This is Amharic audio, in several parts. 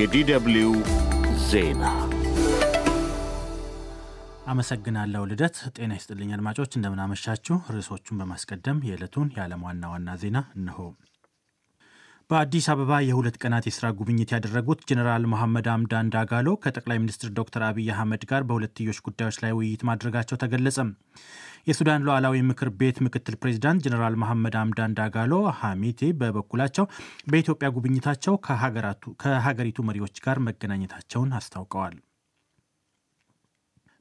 የዲደብሊው ዜና አመሰግናለሁ ልደት። ጤና ይስጥልኝ አድማጮች፣ እንደምናመሻችሁ። ርዕሶቹን በማስቀደም የዕለቱን የዓለም ዋና ዋና ዜና እነሆ። በአዲስ አበባ የሁለት ቀናት የስራ ጉብኝት ያደረጉት ጀኔራል መሐመድ አምዳን ዳጋሎ ከጠቅላይ ሚኒስትር ዶክተር አብይ አህመድ ጋር በሁለትዮሽ ጉዳዮች ላይ ውይይት ማድረጋቸው ተገለጸ። የሱዳን ሉዓላዊ ምክር ቤት ምክትል ፕሬዚዳንት ጀኔራል መሐመድ አምዳን ዳጋሎ ሐሚቴ በበኩላቸው በኢትዮጵያ ጉብኝታቸው ከሀገሪቱ መሪዎች ጋር መገናኘታቸውን አስታውቀዋል።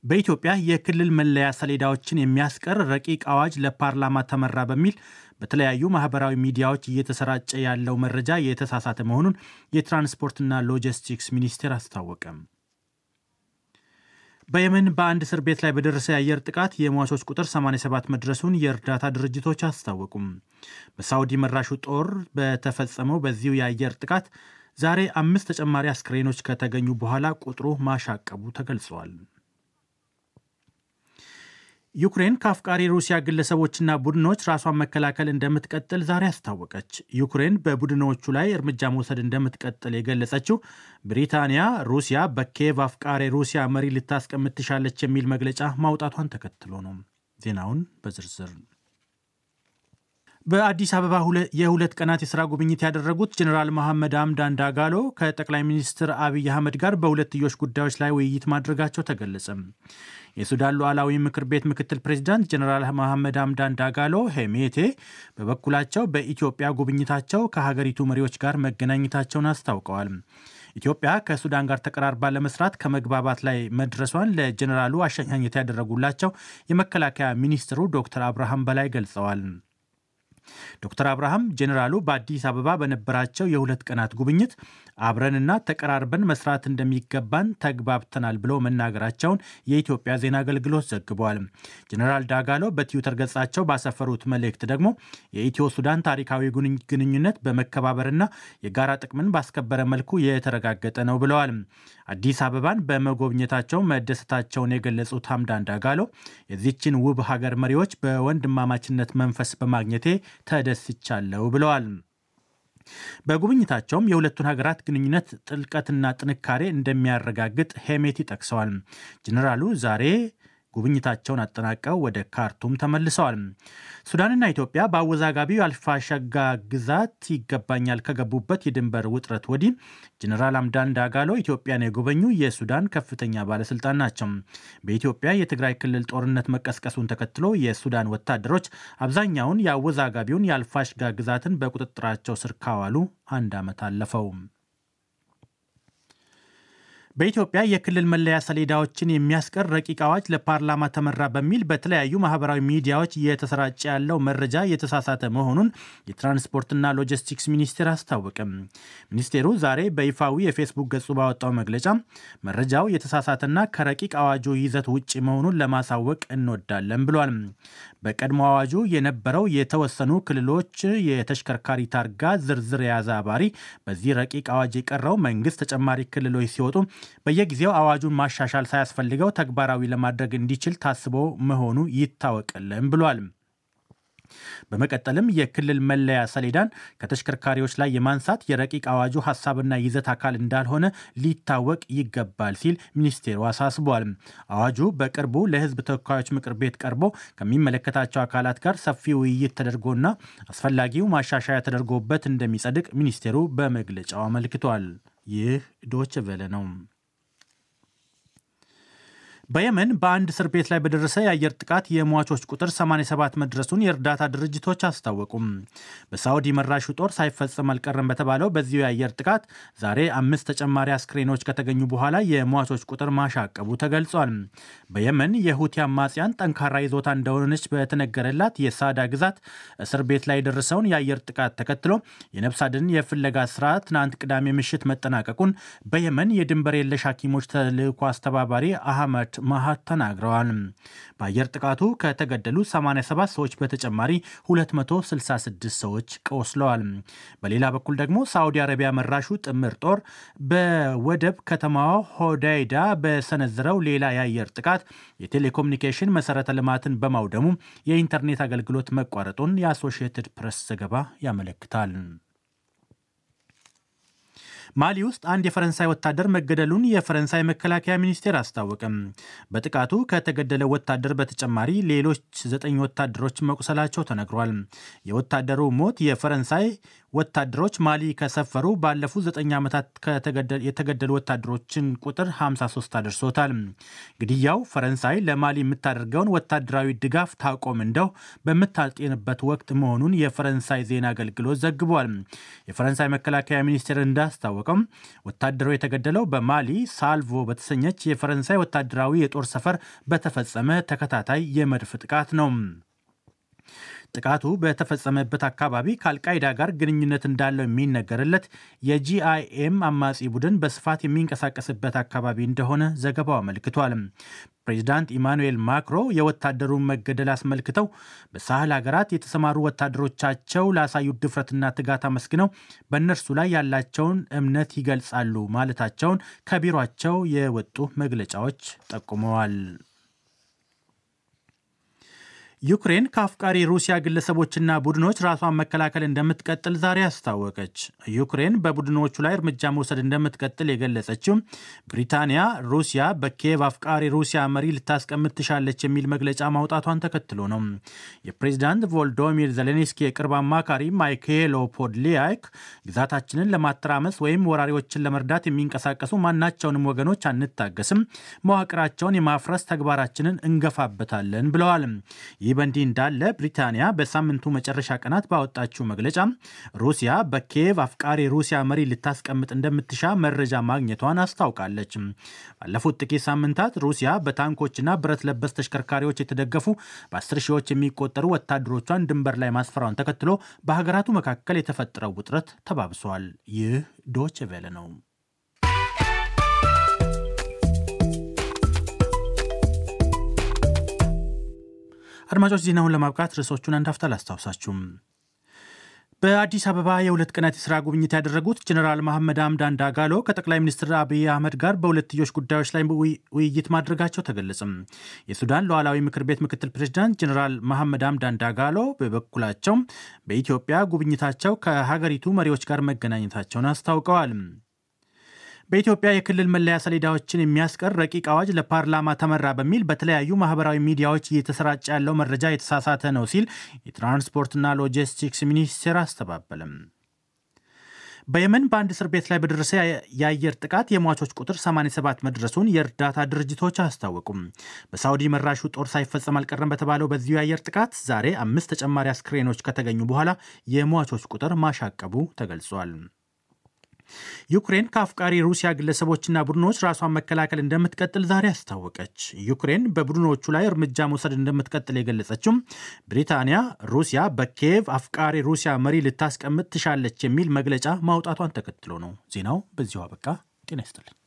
በኢትዮጵያ የክልል መለያ ሰሌዳዎችን የሚያስቀር ረቂቅ አዋጅ ለፓርላማ ተመራ በሚል በተለያዩ ማህበራዊ ሚዲያዎች እየተሰራጨ ያለው መረጃ የተሳሳተ መሆኑን የትራንስፖርትና ሎጂስቲክስ ሚኒስቴር አስታወቀ። በየመን በአንድ እስር ቤት ላይ በደረሰ የአየር ጥቃት የሟቾች ቁጥር 87 መድረሱን የእርዳታ ድርጅቶች አስታወቁም። በሳውዲ መራሹ ጦር በተፈጸመው በዚሁ የአየር ጥቃት ዛሬ አምስት ተጨማሪ አስክሬኖች ከተገኙ በኋላ ቁጥሩ ማሻቀቡ ተገልጿል። ዩክሬን ከአፍቃሪ ሩሲያ ግለሰቦችና ቡድኖች ራሷን መከላከል እንደምትቀጥል ዛሬ አስታወቀች። ዩክሬን በቡድኖቹ ላይ እርምጃ መውሰድ እንደምትቀጥል የገለጸችው ብሪታንያ ሩሲያ በኪየቭ አፍቃሪ ሩሲያ መሪ ልታስቀምጥ ትሻለች የሚል መግለጫ ማውጣቷን ተከትሎ ነው። ዜናውን በዝርዝር በአዲስ አበባ የሁለት ቀናት የስራ ጉብኝት ያደረጉት ጀኔራል መሐመድ አምዳን ዳጋሎ ከጠቅላይ ሚኒስትር አብይ አህመድ ጋር በሁለትዮሽ ጉዳዮች ላይ ውይይት ማድረጋቸው ተገለጸ። የሱዳን ሉዓላዊ ምክር ቤት ምክትል ፕሬዚዳንት ጀኔራል መሐመድ አምዳን ዳጋሎ ሄሜቴ በበኩላቸው በኢትዮጵያ ጉብኝታቸው ከሀገሪቱ መሪዎች ጋር መገናኘታቸውን አስታውቀዋል። ኢትዮጵያ ከሱዳን ጋር ተቀራርባ ለመስራት ከመግባባት ላይ መድረሷን ለጀኔራሉ አሸኛኘት ያደረጉላቸው የመከላከያ ሚኒስትሩ ዶክተር አብርሃም በላይ ገልጸዋል። ዶክተር አብርሃም ጄኔራሉ በአዲስ አበባ በነበራቸው የሁለት ቀናት ጉብኝት አብረንና ተቀራርበን መስራት እንደሚገባን ተግባብተናል ብለው መናገራቸውን የኢትዮጵያ ዜና አገልግሎት ዘግቧል። ጄኔራል ዳጋሎ በትዊተር ገጻቸው ባሰፈሩት መልእክት ደግሞ የኢትዮ ሱዳን ታሪካዊ ግንኙነት በመከባበርና የጋራ ጥቅምን ባስከበረ መልኩ የተረጋገጠ ነው ብለዋል። አዲስ አበባን በመጎብኘታቸው መደሰታቸውን የገለጹት ሀምዳን ዳጋሎ የዚችን ውብ ሀገር መሪዎች በወንድማማችነት መንፈስ በማግኘቴ ተደስቻለሁ ብለዋል። በጉብኝታቸውም የሁለቱን ሀገራት ግንኙነት ጥልቀትና ጥንካሬ እንደሚያረጋግጥ ሄሜቲ ጠቅሰዋል። ጀኔራሉ ዛሬ ጉብኝታቸውን አጠናቀው ወደ ካርቱም ተመልሰዋል። ሱዳንና ኢትዮጵያ በአወዛጋቢው አልፋሸጋ ግዛት ይገባኛል ከገቡበት የድንበር ውጥረት ወዲህ ጀኔራል አምዳን ዳጋሎ ኢትዮጵያን የጎበኙ የሱዳን ከፍተኛ ባለስልጣን ናቸው። በኢትዮጵያ የትግራይ ክልል ጦርነት መቀስቀሱን ተከትሎ የሱዳን ወታደሮች አብዛኛውን የአወዛጋቢውን የአልፋሸጋ ግዛትን በቁጥጥራቸው ስር ካዋሉ አንድ ዓመት አለፈው። በኢትዮጵያ የክልል መለያ ሰሌዳዎችን የሚያስቀር ረቂቅ አዋጅ ለፓርላማ ተመራ በሚል በተለያዩ ማህበራዊ ሚዲያዎች እየተሰራጨ ያለው መረጃ የተሳሳተ መሆኑን የትራንስፖርትና ሎጂስቲክስ ሚኒስቴር አስታወቅም። ሚኒስቴሩ ዛሬ በይፋዊ የፌስቡክ ገጹ ባወጣው መግለጫ መረጃው የተሳሳተና ከረቂቅ አዋጁ ይዘት ውጭ መሆኑን ለማሳወቅ እንወዳለን ብሏል። በቀድሞ አዋጁ የነበረው የተወሰኑ ክልሎች የተሽከርካሪ ታርጋ ዝርዝር የያዘ አባሪ በዚህ ረቂቅ አዋጅ የቀረው መንግስት ተጨማሪ ክልሎች ሲወጡ በየጊዜው አዋጁን ማሻሻል ሳያስፈልገው ተግባራዊ ለማድረግ እንዲችል ታስቦ መሆኑ ይታወቅልን ብሏል። በመቀጠልም የክልል መለያ ሰሌዳን ከተሽከርካሪዎች ላይ የማንሳት የረቂቅ አዋጁ ሀሳብና ይዘት አካል እንዳልሆነ ሊታወቅ ይገባል ሲል ሚኒስቴሩ አሳስቧል። አዋጁ በቅርቡ ለሕዝብ ተወካዮች ምክር ቤት ቀርቦ ከሚመለከታቸው አካላት ጋር ሰፊ ውይይት ተደርጎና አስፈላጊው ማሻሻያ ተደርጎበት እንደሚጸድቅ ሚኒስቴሩ በመግለጫው አመልክቷል። ይህ ቬለ ነው። በየመን በአንድ እስር ቤት ላይ በደረሰ የአየር ጥቃት የሟቾች ቁጥር 87 መድረሱን የእርዳታ ድርጅቶች አስታወቁም። በሳውዲ መራሹ ጦር ሳይፈጸም አልቀረም በተባለው በዚሁ የአየር ጥቃት ዛሬ አምስት ተጨማሪ አስክሬኖች ከተገኙ በኋላ የሟቾች ቁጥር ማሻቀቡ ተገልጿል። በየመን የሁቲ አማጽያን ጠንካራ ይዞታ እንደሆነች በተነገረላት የሳዳ ግዛት እስር ቤት ላይ የደረሰውን የአየር ጥቃት ተከትሎ የነፍስ አድን የፍለጋ ስራ ትናንት ቅዳሜ ምሽት መጠናቀቁን በየመን የድንበር የለሽ ሐኪሞች ተልእኮ አስተባባሪ አህመድ ማሃት ተናግረዋል። በአየር ጥቃቱ ከተገደሉ 87 ሰዎች በተጨማሪ 266 ሰዎች ቆስለዋል። በሌላ በኩል ደግሞ ሳዑዲ አረቢያ መራሹ ጥምር ጦር በወደብ ከተማዋ ሆዳይዳ በሰነዝረው ሌላ የአየር ጥቃት የቴሌኮሙኒኬሽን መሰረተ ልማትን በማውደሙ የኢንተርኔት አገልግሎት መቋረጡን የአሶሺየትድ ፕሬስ ዘገባ ያመለክታል። ማሊ ውስጥ አንድ የፈረንሳይ ወታደር መገደሉን የፈረንሳይ መከላከያ ሚኒስቴር አስታወቅም። በጥቃቱ ከተገደለ ወታደር በተጨማሪ ሌሎች ዘጠኝ ወታደሮች መቁሰላቸው ተነግሯል። የወታደሩ ሞት የፈረንሳይ ወታደሮች ማሊ ከሰፈሩ ባለፉት ዘጠኝ ዓመታት የተገደሉ ወታደሮችን ቁጥር 53 አድርሶታል። ግድያው ፈረንሳይ ለማሊ የምታደርገውን ወታደራዊ ድጋፍ ታቆም እንደው በምታጤንበት ወቅት መሆኑን የፈረንሳይ ዜና አገልግሎት ዘግቧል። የፈረንሳይ መከላከያ ሚኒስቴር እንዳስታወቀው ወታደሩ የተገደለው በማሊ ሳልቮ በተሰኘች የፈረንሳይ ወታደራዊ የጦር ሰፈር በተፈጸመ ተከታታይ የመድፍ ጥቃት ነው። ጥቃቱ በተፈጸመበት አካባቢ ከአልቃይዳ ጋር ግንኙነት እንዳለው የሚነገርለት የጂአይኤም አማጺ ቡድን በስፋት የሚንቀሳቀስበት አካባቢ እንደሆነ ዘገባው አመልክቷል። ፕሬዚዳንት ኢማኑኤል ማክሮ የወታደሩን መገደል አስመልክተው በሳህል ሀገራት የተሰማሩ ወታደሮቻቸው ላሳዩት ድፍረትና ትጋት አመስግነው በእነርሱ ላይ ያላቸውን እምነት ይገልጻሉ ማለታቸውን ከቢሯቸው የወጡ መግለጫዎች ጠቁመዋል። ዩክሬን ከአፍቃሪ ሩሲያ ግለሰቦችና ቡድኖች ራሷን መከላከል እንደምትቀጥል ዛሬ አስታወቀች። ዩክሬን በቡድኖቹ ላይ እርምጃ መውሰድ እንደምትቀጥል የገለጸችው ብሪታንያ ሩሲያ በኪየቭ አፍቃሪ ሩሲያ መሪ ልታስቀምጥ ትሻለች የሚል መግለጫ ማውጣቷን ተከትሎ ነው። የፕሬዚዳንት ቮልዶሚር ዘሌንስኪ የቅርብ አማካሪ ማይክሄሎ ፖድሊያክ ግዛታችንን ለማተራመስ ወይም ወራሪዎችን ለመርዳት የሚንቀሳቀሱ ማናቸውንም ወገኖች አንታገስም፣ መዋቅራቸውን የማፍረስ ተግባራችንን እንገፋበታለን ብለዋል። ይህ በእንዲህ እንዳለ ብሪታንያ በሳምንቱ መጨረሻ ቀናት ባወጣችው መግለጫ ሩሲያ በኪየቭ አፍቃሪ ሩሲያ መሪ ልታስቀምጥ እንደምትሻ መረጃ ማግኘቷን አስታውቃለች። ባለፉት ጥቂት ሳምንታት ሩሲያ በታንኮችና ብረት ለበስ ተሽከርካሪዎች የተደገፉ በአስር ሺዎች የሚቆጠሩ ወታደሮቿን ድንበር ላይ ማስፈራውን ተከትሎ በሀገራቱ መካከል የተፈጠረው ውጥረት ተባብሷል። ይህ ቬለ ነው። አድማጮች ዜናውን ለማብቃት ርዕሶቹን አንዳፍታል አስታውሳችሁ በአዲስ አበባ የሁለት ቀናት የሥራ ጉብኝት ያደረጉት ጀኔራል መሐመድ አምዳን ዳጋሎ ከጠቅላይ ሚኒስትር አብይ አህመድ ጋር በሁለትዮሽ ጉዳዮች ላይ ውይይት ማድረጋቸው ተገለጽም። የሱዳን ሉዓላዊ ምክር ቤት ምክትል ፕሬዚዳንት ጀኔራል መሐመድ አምዳን ዳጋሎ በበኩላቸው በኢትዮጵያ ጉብኝታቸው ከሀገሪቱ መሪዎች ጋር መገናኘታቸውን አስታውቀዋል። በኢትዮጵያ የክልል መለያ ሰሌዳዎችን የሚያስቀር ረቂቅ አዋጅ ለፓርላማ ተመራ በሚል በተለያዩ ማህበራዊ ሚዲያዎች እየተሰራጨ ያለው መረጃ የተሳሳተ ነው ሲል የትራንስፖርትና ሎጂስቲክስ ሚኒስቴር አስተባበለም። በየመን በአንድ እስር ቤት ላይ በደረሰ የአየር ጥቃት የሟቾች ቁጥር 87 መድረሱን የእርዳታ ድርጅቶች አስታወቁም። በሳውዲ መራሹ ጦር ሳይፈጸም አልቀረም በተባለው በዚሁ የአየር ጥቃት ዛሬ አምስት ተጨማሪ አስክሬኖች ከተገኙ በኋላ የሟቾች ቁጥር ማሻቀቡ ተገልጿል። ዩክሬን ከአፍቃሪ ሩሲያ ግለሰቦችና ቡድኖች ራሷን መከላከል እንደምትቀጥል ዛሬ አስታወቀች። ዩክሬን በቡድኖቹ ላይ እርምጃ መውሰድ እንደምትቀጥል የገለጸችው ብሪታንያ ሩሲያ በኪየቭ አፍቃሪ ሩሲያ መሪ ልታስቀምጥ ትሻለች የሚል መግለጫ ማውጣቷን ተከትሎ ነው። ዜናው በዚሁ አበቃ። ጤና ይስጥልኝ።